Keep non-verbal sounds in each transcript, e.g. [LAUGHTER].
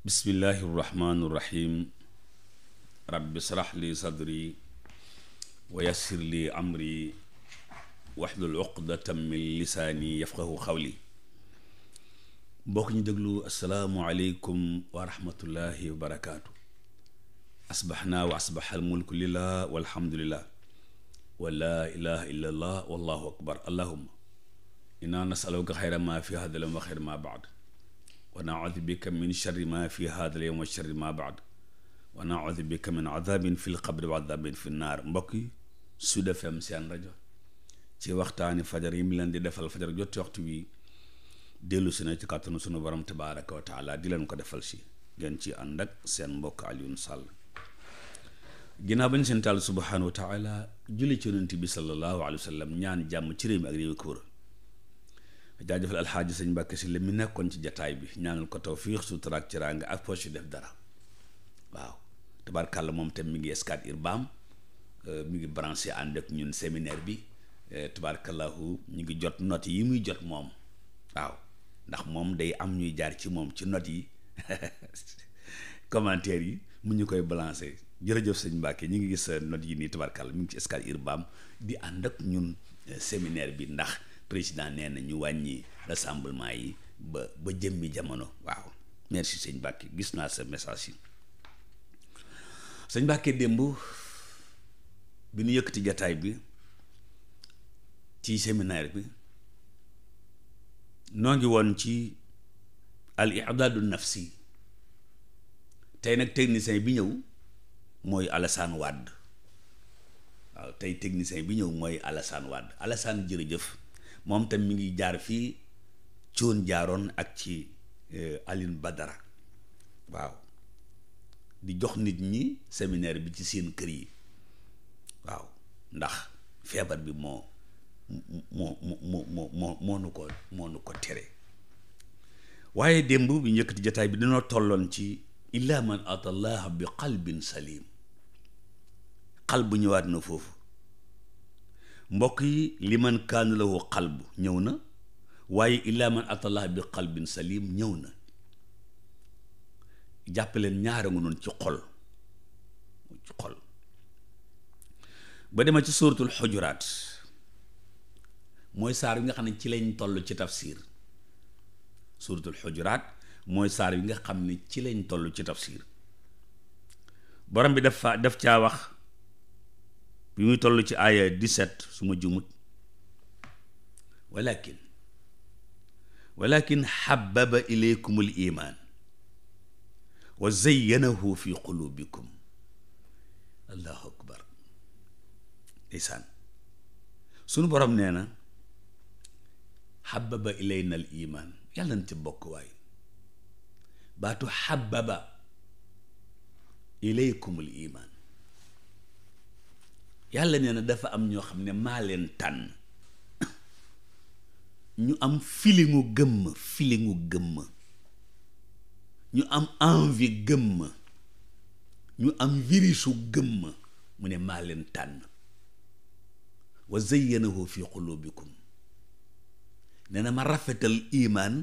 bismillaahi rahmaani rahiim rabbi srax li sadri wa yassir li amri waxlul uqdatam min lisaani yafqahu xawli mbokk ñu déglu asalaamualeykum wa rahmatullahi wa barakaatu asbaxnaa wa asbaxal mulku lillah walhamdulillah wa laa ilaha illa allah wallahu akbar allahuma inna nasaluka xayra ma fi hada lam wa xayra ma baad wa naudu bika min sharri ma fi hada al yawm wa sharri ma baad wa naudu bika min adabin fi lqabri wa adabin fi naar mbokk yi Sud FM seen rajo ci waxtaani fajar yi mu leen di defal fajar jotti waxtu wi dellu si na ci kàttanu sunu borom tabaraka wa taala di leen ko defal si ngeen ci ànd ak seen mbokk Alioune Sall ginnaaw bañ seen taal subhanahu wa taala julli ci yonent bi sallallahu alayhi wa sallam ñaan jàmm ci réew mi ak réew ko wër jaajëfal alxaaji sëñ Mbàkke si la mi nekkoon ci jataay bi ñaanal ko tawfiix sutura ak teraanga ak poche yu def dara waaw tabarkàlla moom tam mi ngi Scat Urbam euh, mi ngi branché ànd ak ñun séminaire bi euh, tabarkàllahu ñu ngi jot notes yi muy jot moom waaw ndax moom day am ñuy jaar ci moom ci notes yi [LAUGHS] commentaires yi mu ñu koy balancé jërëjëf sëñ Mbàkke ñu ngi gis euh, notes yi nii tabarkàlla mi ngi ci Scat Urbam bi ànd ak ñun séminaire bi ndax président nee na ñu wàññi rassemblement yi ba ba jëmmi jamono waaw merci sëñ Mbacke gis naa sa message yi sëñ Mbacke démb bi ñu yëkkati jataay bi ci séminaire bi noo ngi woon ci al i'dadu nafsi tey nag technicien bi ñëw mooy Alassane Wade waaw tey technicien bi ñëw mooy Alassane Wade Alassane jërëjëf moom tam mi ngi jaar fii coon jaaroon ak ci euh, Aline Badara waaw di jox nit ñi séminaire bi ci seen kër yi waaw ndax feebar bi moo moo moo moo moo nu ko moo nu ko tere waaye démb bi njëkkati jataay bi dañoo tolloon ci illa man atallaha bi qalbin salim xal bu ñëwaat na foofu mbokk yi li man kaana lahu xalb ñëw na waaye illaa man atallah bi xalbin salim ñëw na jàppaleen ñaara nga noonu ci xol ba dema ci suratul xujuraat mooy saar yi nga xam ne ci lañ toll ci tafsir suratul xujuraat mooy saar yi nga xam ne ci lañ toll ci tafsir borom bi daf fa daf caa wax bi muy toll ci aaya 17 su ma jumut walakin walakin xababa ilaykum al iman wa zayyanahu fi qulubikum allahu akbar ndeysaan sunu borom nee na xababa ilayna al iman yàlla na ci bokk waay baatu xababa ilaykum al yàlla nee na dafa am ñoo xam ne maa leen tànn ñu am filingu gëmm filingu gëmm ñu am envie gëmm ñu am virisu gëmma mu ne maa leen tànn wa zayyanahu fi qulubikum nee ma rafetal imaan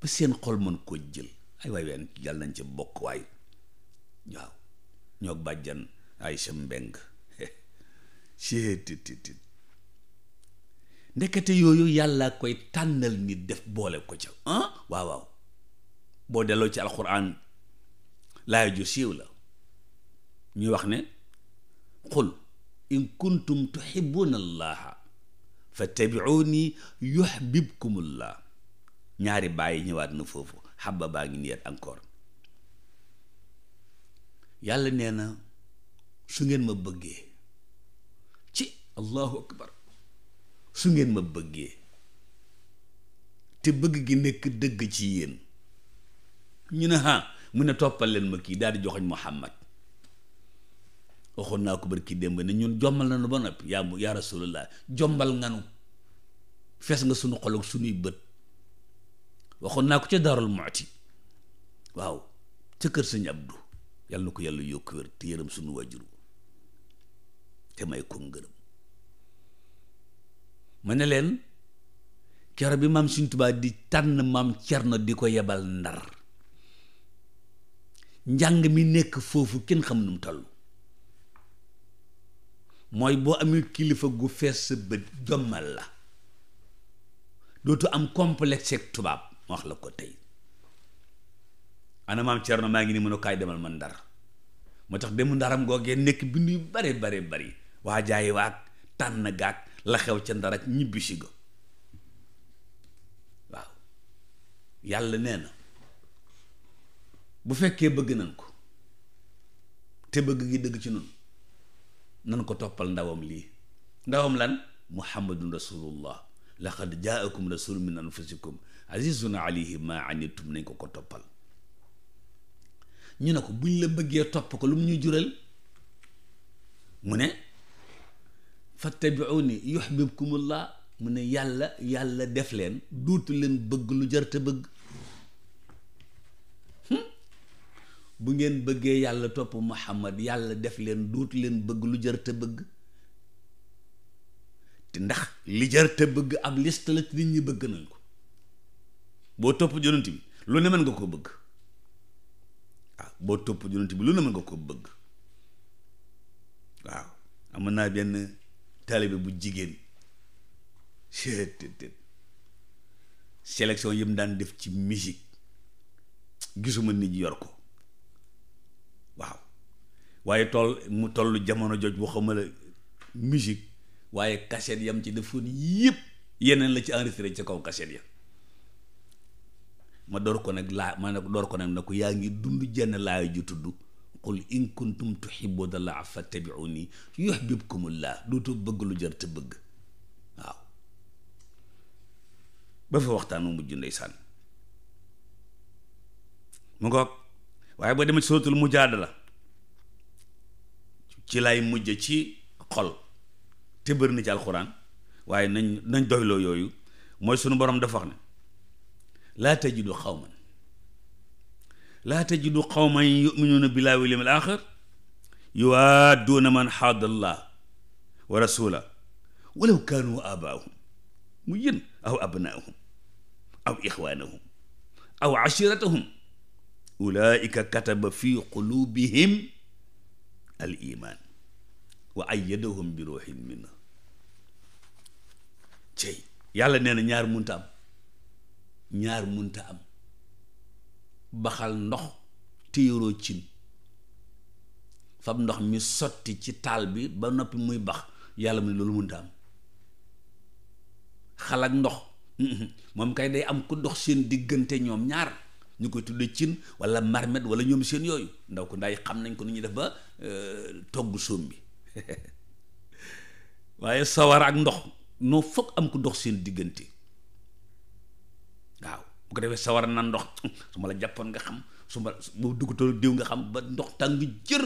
ba seen xol mën koo jël ay waay ween yàlla nañ ci bokk waay waaw ñoo bàjjan ay sa mbeng cttt yooyu yàlla koy tànnal nit def boole ko ca waaw waaw boo delloo ci alxuraan laaya ju siiw la ñuy wax ne qul in kuntum tuhibbuna allaha fattabi'uni la ñaari bàyyi ñëwaat na foofu xabba baa ngi niyeet encore yàlla nee na su ngeen ma bëggee allahu akbar su ngeen ma bëggee te bëgg gi nekk dëgg ci yéen ñu ne ha mu ne toppal leen ma kii daal di joxoñ muhammad waxoon naa ko bari kii démb na ñun jombal na nañu ba noppi yaa yaa rasulullah jombal nganu fees nga sunu xol ak sunuy bët waxoon naa ko ca daarul muti waaw ca kër sëñ abdu yàlla na ko yàlla yokk wér te yërëm sunu wajuru te may ko ngërëm ma ne leen kero bi maam Sëriñ Tuubaa di tànn maam Cerno di ko yebal ndar njàng mi nekk foofu kenn xam nu mu toll mooy boo amee kilifa gu fees sa bët jommal la dootu am complexe ak tubaab wax la ko tey ana maam Cerno maa ngi ni mën kaay demal man ndar moo tax demu ndaram googee nekk bindu yu bare bare bari waa jaay waag tànn gaag la xew ca ndar ak ñibbisi ga waaw yàlla nee na bu fekkee bëgg nañ ko te bëgg gi dëgg ci nun nan ko toppal ndawam lii ndawam lan muhammadun rasulullah laqad jaakum rasulun min anfusikum azizun alayhi ma anittum nañ ko ko toppal ñu ne ko buñ la bëggee topp ko lu mu ñu jural mu ne fattabiuni yuhbibkumullah mu ne yàlla yàlla def leen duutu leen bëgg lu jarte bëgg hmm? bu ngeen bëggee yàlla topp Muhammad yàlla def leen duutu leen bëgg lu jarte bëgg te ndax li jarte bëgg ab list la te nit ñi bëgg nañ ko boo topp yonent bi lu ne mën nga ko bëgg waaw boo topp yonent lu ne mën nga ko bëgg waaw amoon naa benn taalibe bu jigéen seet sélection yëpp daan def ci musique gisuma nit ñi yor ko waaw waaye toll mu toll jamono jooj waxuma musique waaye cassette yam ci defoon yëpp yeneen la ci enregistré ci kaw cassette ya ma door ko nag laa ma ne door ko nag na ko yaa ngi dund jenn laay ju tudd qul in kuntum tuhibbuna llaha fattabi'uni yuhbibkumullah dootoo bëgg lu jar te bëgg waaw waxtaan mujj ndeysaan mu ngoog waaye boo demee ci suratul mujaadala ci lay mujj ci xol te bëri na ci alxuraan nañ nañ yooyu mooy sunu borom dafa wax ne laa tajidu xawman laa tajidu qawman yuminuuna billaahi wal yawmil aaxir yuwaadduuna man xaadda llaah wa rasuula walaw kaanu aabaahum mu yën aw abnaahum aw ixwaanahum aw ashiratahum ulaika kataba fi qulubihim al iman wa ayyadahum bi ruuhin minna cey yàlla nee na ñaar munta am ñaar munta am baxal ndox te yoroo cin fab ndox mi sotti ci taal bi ba noppi muy bax yàlla mu ne loolu mun am xal ak ndox moom kay day am ku dox seen diggante ñoom ñaar ñu koy tudde cin wala marmet wala ñoom seen yooyu ndaw ko ndaay xam nañ ko nu ñuy def ba euh, togg sóom bi [LAUGHS] waaye sawar ak ndox noo foog am ku dox seen diggante bu ko defee sawar na ndox [LAUGHS] su la jàppoon nga xam suma ma bu duggutoo diw nga xam ba ndox tàng jër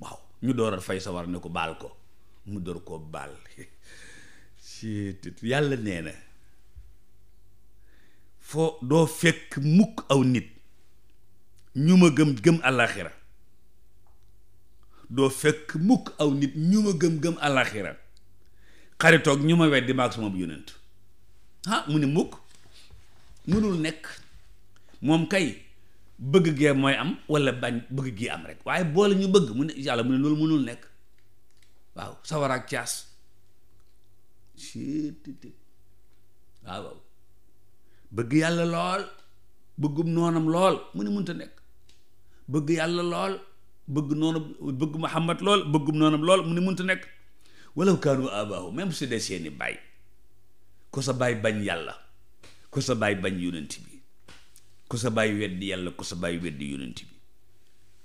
waaw ñu door a fay sawar ne ko baal ko mu door koo baal [LAUGHS] si yàlla nee na foo doo fekk mukk aw nit ñu ma gëm gëm àllaaxira doo fekk mukk aw nit ñu ma gëm gëm xaritoog ñu ma weddi maag sama bu yonent ah mu ne mukk mënul nekk moom kay bëgg gee mooy am walla bañ bëgg gii am rek waaye boole ñu bëgg mu ne yàlla mu ne loolu mënul nekk waaw sawar ak caas waaw waaw bëgg yàlla lool bëggum noonam lool mu ne mënta nekk bëgg yàlla lool bëgg noonu bëgg Muhammad lool bëggum noonam lool mu ne mënta nekk walaw kaanu abaahu même su dee seeni baay ko sa baay bañ yàlla ku sa baay bañ yonent bi ku sa baay weddi yàlla ku sa baay weddi yonent bi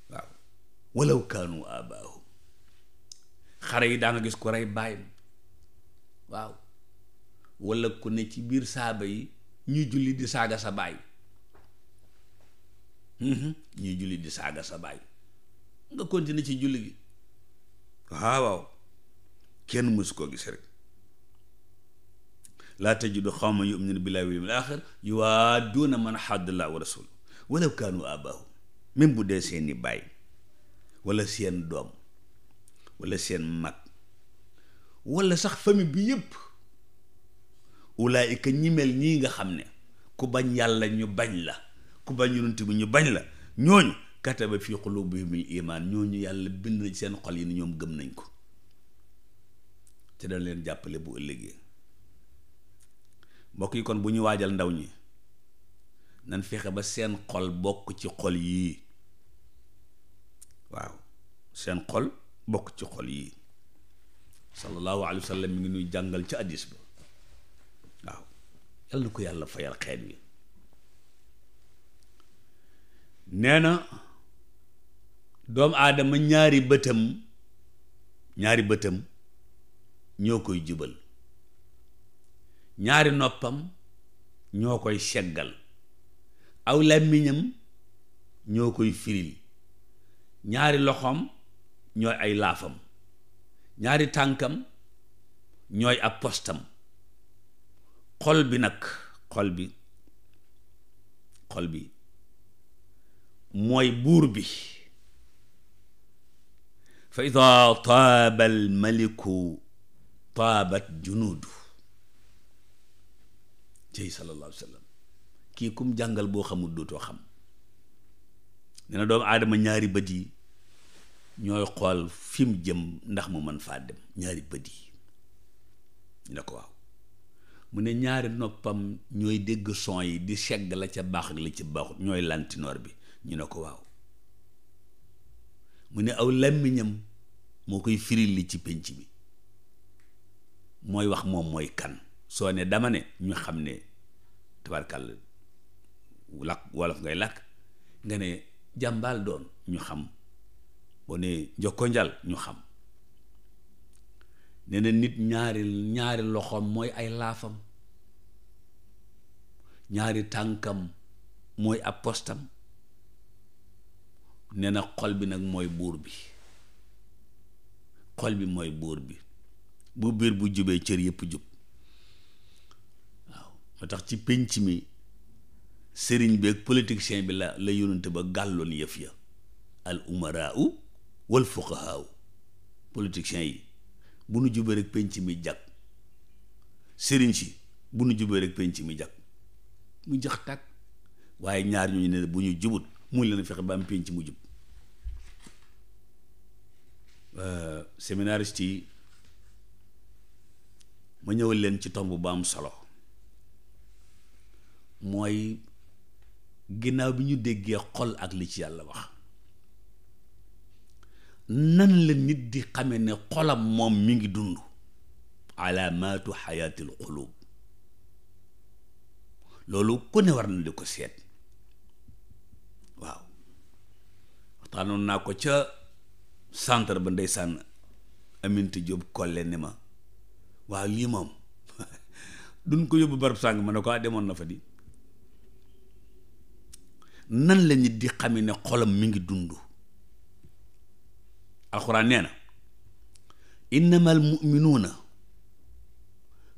waaw walaw yi daa gis ku rey baayam waaw ku ne ci biir saaba yi ñuy julli di saaga sa baay mhm. ñuy julli di saaga sa baay nga continuer ci julli gi waaw kenn mësu koo gis rek laa tajidu xawman yu'minuuna billaahi wal yawmil aaxir yuwaadduuna man hadda llaaha wa rasuulahu walaw kaanu aabaahum même bu dee seeni baay walla seen doom wala seen mag wala sax famille bi yëpp ulaayika ñi mel nii nga xam ne ku bañ yàlla ñu bañ la ku bañ yonent bi ñu bañ la ñooñu kataba fii quluubihimul iimaan ñooñu yàlla bind nañ seen xol yi ni ñoom gëm nañ ko te dana leen jàppale bu ëllëgee mbokk yi kon bu ñu waajal ndaw ñi nan fexe ba seen xol bokk ci xol yii waaw seen xol bokk ci xol yii sallallahu alayhi wa sallam mi ngi nuy jàngal ci addis ba waaw yàlla ko yàlla fayal xeet wi nee na doomu aadama ñaari bëtam ñaari bëtam ñoo koy jubal ñaari noppam ñoo koy seggal aw làmmiñam ñoo koy firil ñaari loxoom ñooy ay laafam ñaari tànkam ñooy ab postam xol bi nag xol bi xol bi mooy buur bi fa ida taaba almaliku taabat junuudu cey sallallahu alayhi wa kii kum jàngal boo xamul dootoo xam nee doomu aadama ñaari bët yi ñooy xool fim jëm ndax mu man faa dem ñaari bët yi ñu ne ko waaw mu ne ñaari noppam ñooy dégg son yi di segg la ca baax ak la ca baaxut ñooy lantinoor bi ñu ne ko waaw mu ne aw làmmiñam moo koy firil li ci pénc bi mooy wax moom mooy kan soo ne dama ne ñu xam ne tabarkàll wolof ngay làkk nga ne jàmbaal doon ñu xam boo ne njokko njal ñu xam ne na nit ñaari ñaari loxoom mooy ay laafam ñaari tànkam mooy ab postam ne na xol bi nag mooy buur bi xol bi mooy buur bi bu biir bu jubee cër yëpp jub ba tax ci pénc mi sëriñ bi ak politicien bi la la yonante ba gàlloon yëf ya al umaraa u wal fuqahaa u politicien yi bu nu jubee rek pénc mi jag sëriñ si bu nu jubee rek pénc mi jag mu jax tàkk waaye ñaar ñooñu ne bu ñu jubut mu leen fexe ba am pénc mu jub euh, séminariste yi ma ñëwal leen ci tomb ba am solo mooy ginnaaw bi ñu déggee xol ak li ci yàlla wax nan la nit di xamee ne xolam moom mi ngi dund alaamaatu xayaatil xulub loolu ku ne war na di ko seet waaw waxtaanoon naa ko ca centre ba ndeysaan Aminta Diop kolle ni ma waaw lii moom [LAUGHS] duñ ko yóbbu barab sàng ma ne ko ah, demoon na fa di nan la nit di xamee ne xolam mi ngi dund alxuraan nee na innama almuminuuna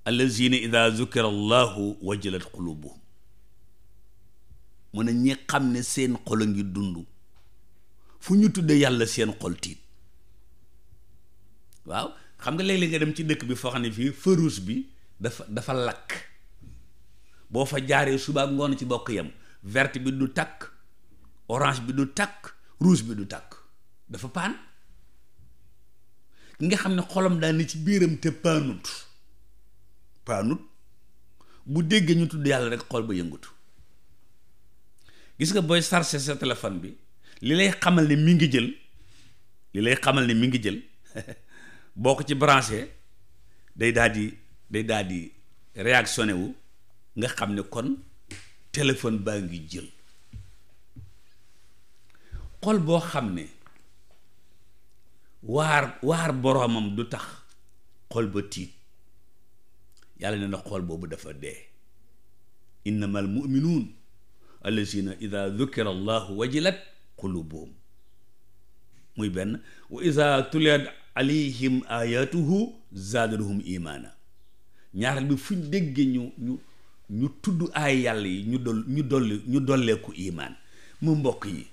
allazina ida zukira allahu wajilat qulubuhum mu ne ñi xam ne seen xol a ngi dund fu ñu tuddee yàlla seen xol tiit waaw xam nga léeg-léeg nga dem ci dëkk bi foo xam ne fii feu rouge bi dafa dafa lakk boo fa jaaree suba ngoon ci bokk yam verte bi du takk orange bi du takk rouge bi du takk dafa paan ki nga xam ne xolam daal ni ci biiram te paanut paanut bu déggee ñu tudd yàlla rek xol ba yëngutu gis nga booy chargé sa téléphone bi li lay xamal ne mi ngi jël li lay xamal ne mi ngi jël [LAUGHS] boo ko ci branché day daal di day daal di réactionné wu nga xam ne kon téléphone baa ngi jël xol boo xam ne waar waar boroomam du tax xol ba tiit yàlla nee na xol boobu dafa dee innama al muminuun allazina ida dukira allahu wajilat qulubuhum muy benn wa ida tuliyat alayhim ayatuhu zaadaduhum imaana ñaaral bi fuñ dégge ñu ñu tudd ay yàlla yi ñu dol ñu dolli ñu dolleeku imaan mu mbokk yi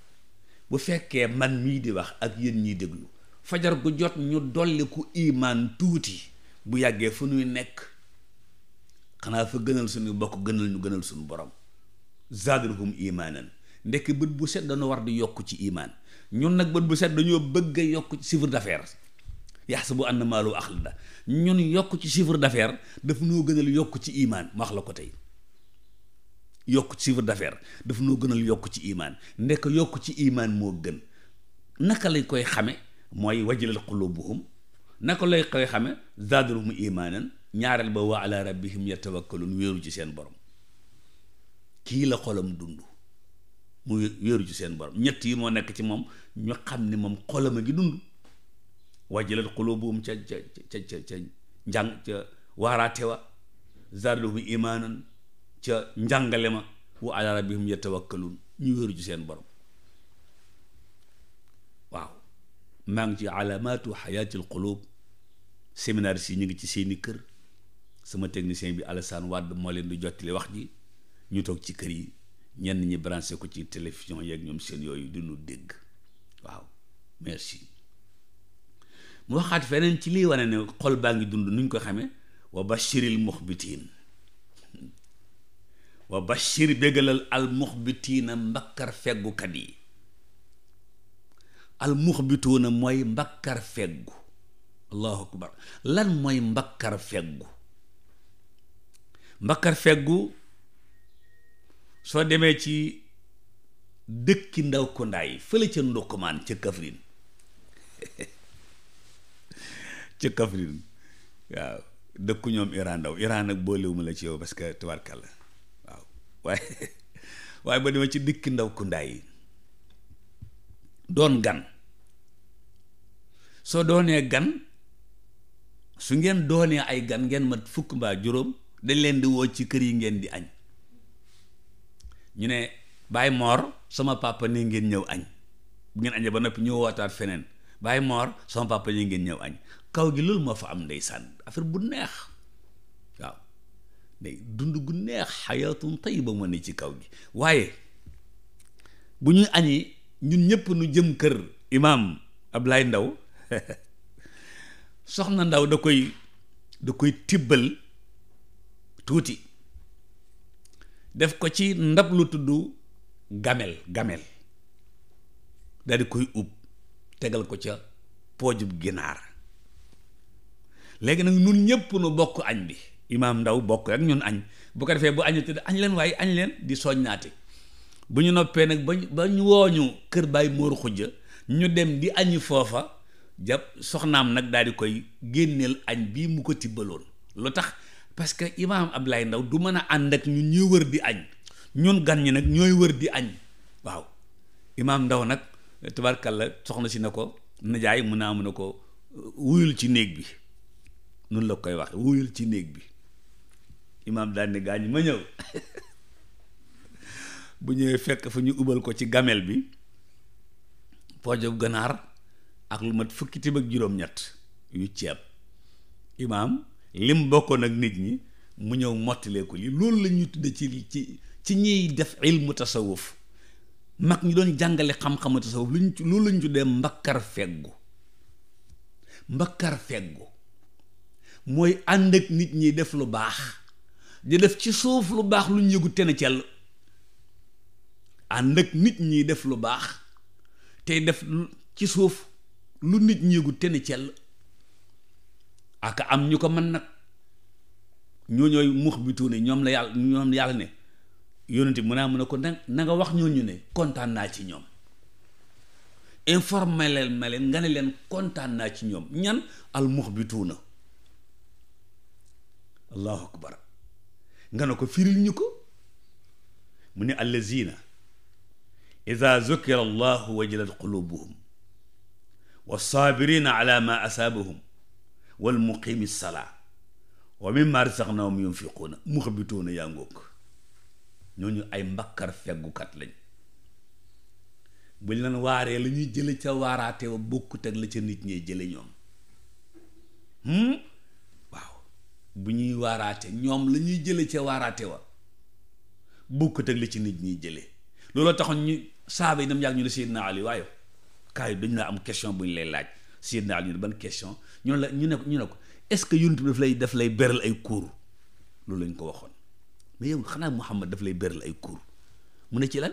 bu fekkee man mii di wax ak yéen ñi déglu fajar gu jot ñu dolliku imaan tuuti bu yàggee fu nuy nekk xanaa fa gënal suñu bokk gënal ñu gënal suñu borom zaadruhum imaanan ndekki bët bu set dañoo war di yokk ci imaan ñun nag bët bu set dañoo bëgg a yokk ci chiffre d'affaires yaxsabu anna maalahu axlada ñun yokk ci chiffre d'affaires daf noo gënal yokk ci imaan ma wax la ko tey yokk ci chiffre d'affaires daf noo gënal yokk ci imaan ndekk yokk ci imaan moo gën naka lañ koy xame mooy wajilat qulubuhum naka lay koy xame zaadahum imaanan ñaareel ba wa ala rabbihim yatawakkalun wéeru ci seen borom kii la xolam dund mu wéeru ci seen borom ñett yi moo nekk ci moom ñu xam ne moom xolam a ngi dund wajilat qulubuhum ca ca ca ca ca njàng ca waaraate wa zarluhum imaanan ca njàngale ma wa ala rabbihum yatawakkalun ñu wéeru ci seen borom waaw maa ngi ci alaamaatu xayaatil qulub séminaire si ñu ngi ci seeni kër sama technicien bi Alassane Wade moo leen di jottali wax ji ñu toog ci kër yi ñenn ñi branché ko ci télévision yeeg ñoom seen yooyu di nu dégg waaw merci mu waxaat feneen ci lii wane ne xol baa ngi dund nuñ ko xamee wa bashiril muxbitiin wa bashir béggalal al muxbitiina mbakkar feggukat yi al mooy mbakkar feggu allahu akbar lan mooy mbakkar feggu mbakkar feggu soo demee ci dëkki ndaw ko yi fële ca ndokkumaan ca Kaffrine [LAUGHS] ca Kaffrine waaw dëkku ñoom Iran daw Iran nag boolewuma la ci yow parce que tubaarkàlla waaw waaye [LAUGHS] waaye ba dima ci dikki ndaw kundaay yi doon gan soo doonee gan su ngeen doonee ay gan ngeen mat fukk mbaa juróom dañ leen di woo ci kër yi ngeen di añ ñu ne Baye Mor sama papa nii ngeen ñëw añ ngeen añee ba noppi ñu feneen Baye Mor sama papa ngeen ñëw añ kaw gi loolu moo fa am ndeysaan affaire bu neex waaw day dund gu neex xayaatun tayiba moo ne ci kaw gi waaye bu ñuy añi ñun ñëpp nu jëm kër imaam Ablaye Ndaw [LAUGHS] soxna Ndaw da koy da koy tibbal tuuti def ko ci ndab lu tudd gamel gamel daal di koy ub tegal ko ca poojub ginaar léegi nag ñun ñëpp nu bokk añ bi imaam ndaw bokk ak ñun añ bu ko defee bu añu tëdd añ leen waaye añ leen di soññaate bu ñu noppee nag ba ñu wooñu kër baay móoru xujja ñu dem di añi foofa jàpp soxnaam nag daal di koy génneel añ bii mu ko tibbaloon lu tax parce que imaam Ablaye Ndaw du mën a ànd ak ñun wër di añ ñun gan ñi nag ñooy wër di añ waaw imaam Ndaw nag tabarkalla soxna si na ko najaay mun naa mun a ko wuyul ci néeg bi nun la koy wax wuyul ci néeg bi imaam daal gaa gaañ ma ñëw [LAUGHS] bu ñëwee fekk fu ñu ubal ko ci gamel bi poojob ganaar ak lu mat fukki tibb ak juróom-ñett yu ceeb imaam lim bokkoon ak nit ñi mu ñëw mottilee ko li loolu la tudd ci ci ci ñiy def ilmu tasawuf mag ñi doon jàngale xam-xamu tasawuf luñ loolu la ñu tuddee mbakkar feggu mbakkar feggu mooy ànd ak nit ñi def lu baax di def ci suuf lu baax lu ñu yëgu te ne cell ànd ak nit ñi def lu baax tey def ci suuf lu nit ñi yëgu te ne cell ak am ñu ko mën nag ñoo ñooy mux bi tuune ñoom la yàlla ñoom yàlla ne yónnante mun naa mun a ko na nga wax ñooñu ne kontaan naa ci ñoom informé leen ma leen nga ne leen kontaan naa ci ñoom ñan al mux bi tuuna allahu akbar nga ne ko firil ñu ko mu ne allazina ida zukira allahu wajilat qulubuhum walsaabirina ala ma asaabahum walmuqimi salaa wa mimma razaqnahum yunfiquuna muxbituuna yaa ngoog ñooñu ay mbakkar feggukat lañ buñ leen waaree la ñuy jële ca waaraate wa bokkut ak la ca nit ñee jële ñoom hmm? bu ñuy waaraate ñoom la ñuy jële ca waaraate wa bukkut ak li ci nit ñiy jëlee looloo taxoon ñu saaba yi dam ñu ne Seydina Ali waaye kaay dañu la am question bu lay laaj Seydina Ali ñu ne ban ñu ne ñu ne ko est-ce que yonent bi daf lay daf lay beral ay cours loolu lañ ko waxoon mais yow xanaa Muhammad daf lay beral ay cours mu ne ci lan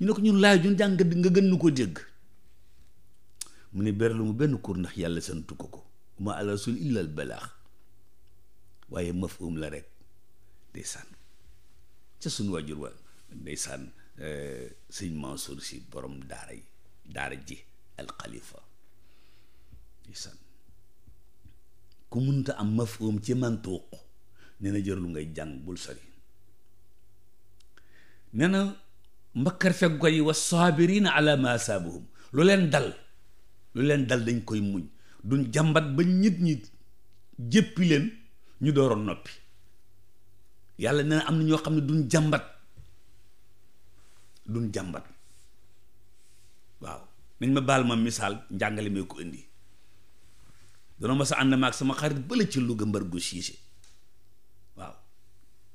ñu ne ko ñun laaj ñun jàng nga gën ñu ko dégg mu ne beralu mu benn cours ndax yàlla santu ko ko ma ala rasul balaax waaye mafhum la rek ndeysaan ca suñu waa wa ndeysaan euh, sëñ Mansour si borom daara yi daara ji alxalifa ndeysaan ku munta am mafhum ci mantuuq nee na jërlu ngay jàng bul sori nee na mbakkar feggo yi wa saabirina ala ma asaabuhum lu leen dal lu leen dal dañ koy muñ duñ jàmbat ba ñit ñi jéppi leen ñu dooroon noppi yàlla nee na am na ñoo xam ne duñ jàmbat duñ jàmbat waaw nañ ma baal ma misaal njàngale mee ko indi dana ma ànd ma ak sama xarit bële ci Louga mbar gu siise waaw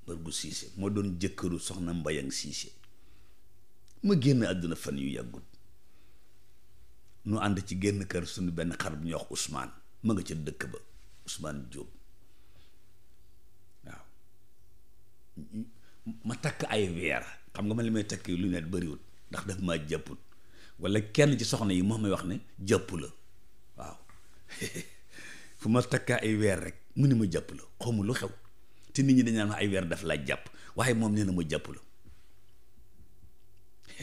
mbar gu siise moo doon jëkkëru soxna mbayang siise ma génn àdduna fan yu yàggut nu ànd ci génn kër suñu benn xar bu ñuy wax Ousmane ma nga ca dëkk ba Ousmane Diop ma takk ay weer xam nga ma li may takk lunette bariwut ndax daf maa jàppul wala kenn ci soxna yi moo may wax ne jàpp la waaw [LAUGHS] fu ma takkaa ay weer rek mu ne xaw ma lu xew te nit ñi dañ naan ay weer daf laa jàpp waaye moom nee ma jàpp la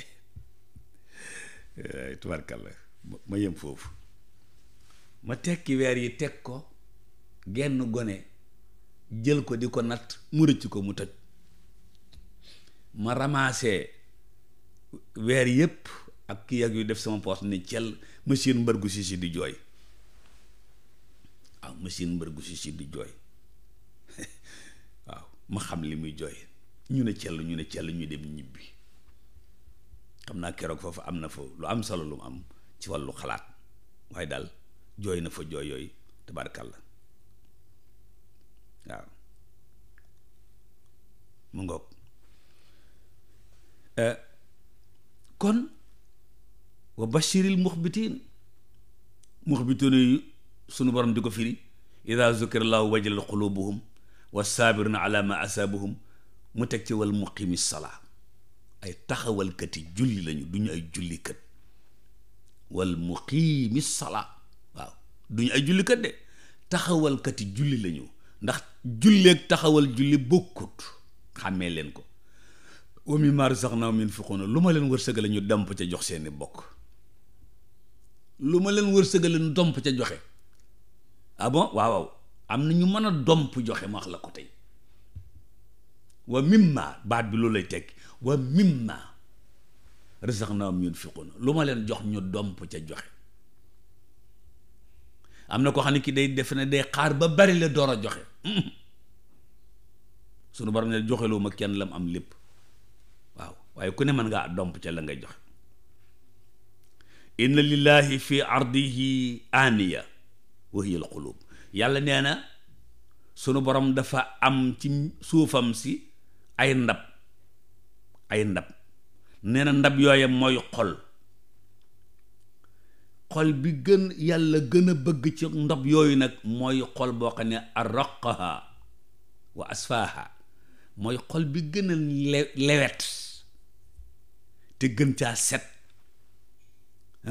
[LAUGHS] tubarkalla ma yem foofu ma tekki weer yi teg ko genn gone jël ko di ko natt mu rëcc ko mu toj ma ramassé weer yépp ak kii ak yu def sama poos ni cel machine mbërgu si si di jooy waaw machine mbërgu si di jooy [LAUGHS] waaw ma xam li muy jooy ñu ne cell ñu ne cell ñu dem ñibbi xam naa keroog foofu am na fa lu am solo lu mu am ci wàllu xalaat waaye daal jooy na fa jooy yooyu tabarkalla waaw mu ngoog Eh, kon wa bashiril muxbitiin muxbituuna yu sunu borom di ko firi ida zukira llahu wajalat qulubuhum wa saabiruna ala ma mu teg ci wal muqimi ay taxawalkati julli lañu du ñu ay julli kat wal muqiimi salaa waaw du ñu ay julli kat de taxawalkati julli lañu ndax julleeg taxawal julli bokkut xàmmee leen ko omi maar sax na min fi xoona lu ma leen wërsëgale ñu damp ca jox seeni bokk lu ma leen wërsëgale ñu domp ca joxe ah bon waaw waaw am na ñu mën a domp joxe ma wax la ko tey wa mimma baat bi loolu lay tekki wa mimma rësax naa am ñun fiquna lu ma leen jox ñu domp ca joxe am na ko xam ne ki day defe ne day xaar ba bari la door a joxe [LAUGHS] sunu baram ne joxeloo ma kenn lam am lépp waaye ku ne mën ngaa domp ca la ngay joxe inna lillahi fi ardihi aniya wa hiya al yàlla nee na sunu borom dafa am ci suufam si ay ndab ay ndab nee ndab yooye mooy xol xol bi gën yàlla gën a bëgg ci ndab yooyu nag mooy xol boo xam ne arraqaha wa asfaha mooy xol bi gën a lewet te gën caa set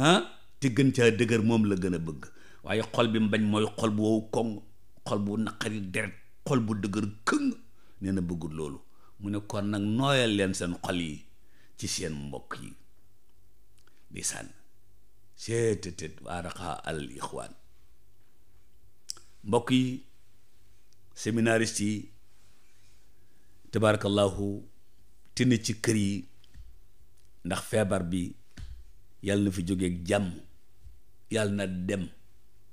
ah te gën caa dëgër moom la gën a bëgg waaye xol bi mu bañ mooy xol boo wow koŋ xol bu naqari deret xol bu dëgër këng nee na bëggul loolu mu ne kon nag nooyal leen seen xol yi ci seen mbokk yi di sànn seetetet waaraxaa yi séminariste yi tabaarakallahu te ci kër yi ndax feebar bi yàlla na fi jógeek jàmm yàlla na dem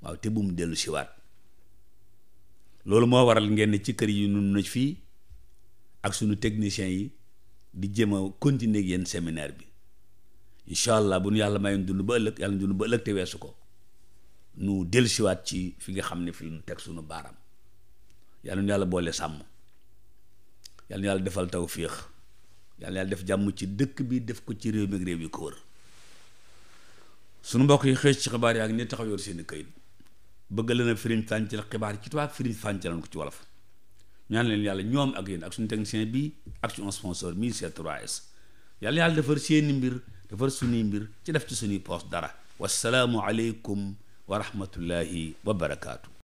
waaw te bu dellu siwaat loolu moo waral ngeen ci kër yi nu na fii ak sunu techniciens yi di jéem a continuer ak yéen séminaire bi incha allah bu nu yàlla mayoon dund ba ëllëg yàlla dund ba ëllëg te weesu ko nu dellu siwaat ci fi nga xam ne fi nu teg sunu baaram yàlla nu yàlla boole sàmm yàlla nu yàlla defal tawféex yàlla yàlla def jàmm ci dëkk bi def ko ci réew mi réew yi ko wër sunu mbokk yi xëy ci xibaar yi ak ne taxaw yor seen i kayit bëgg leen a firiñ fàncal xibaar ci tubaab firiñ fàncalan ko ci wolof ñaan leen yàlla ñoom ak yéen ak suñu technicien bi ak suñu sponsor mi c 3 yàlla yàlla defar seeni mbir defar suñuy mbir ci def ci suñuy poos dara wasalaamu aleykum wa rahmatullahi wa barakaatu.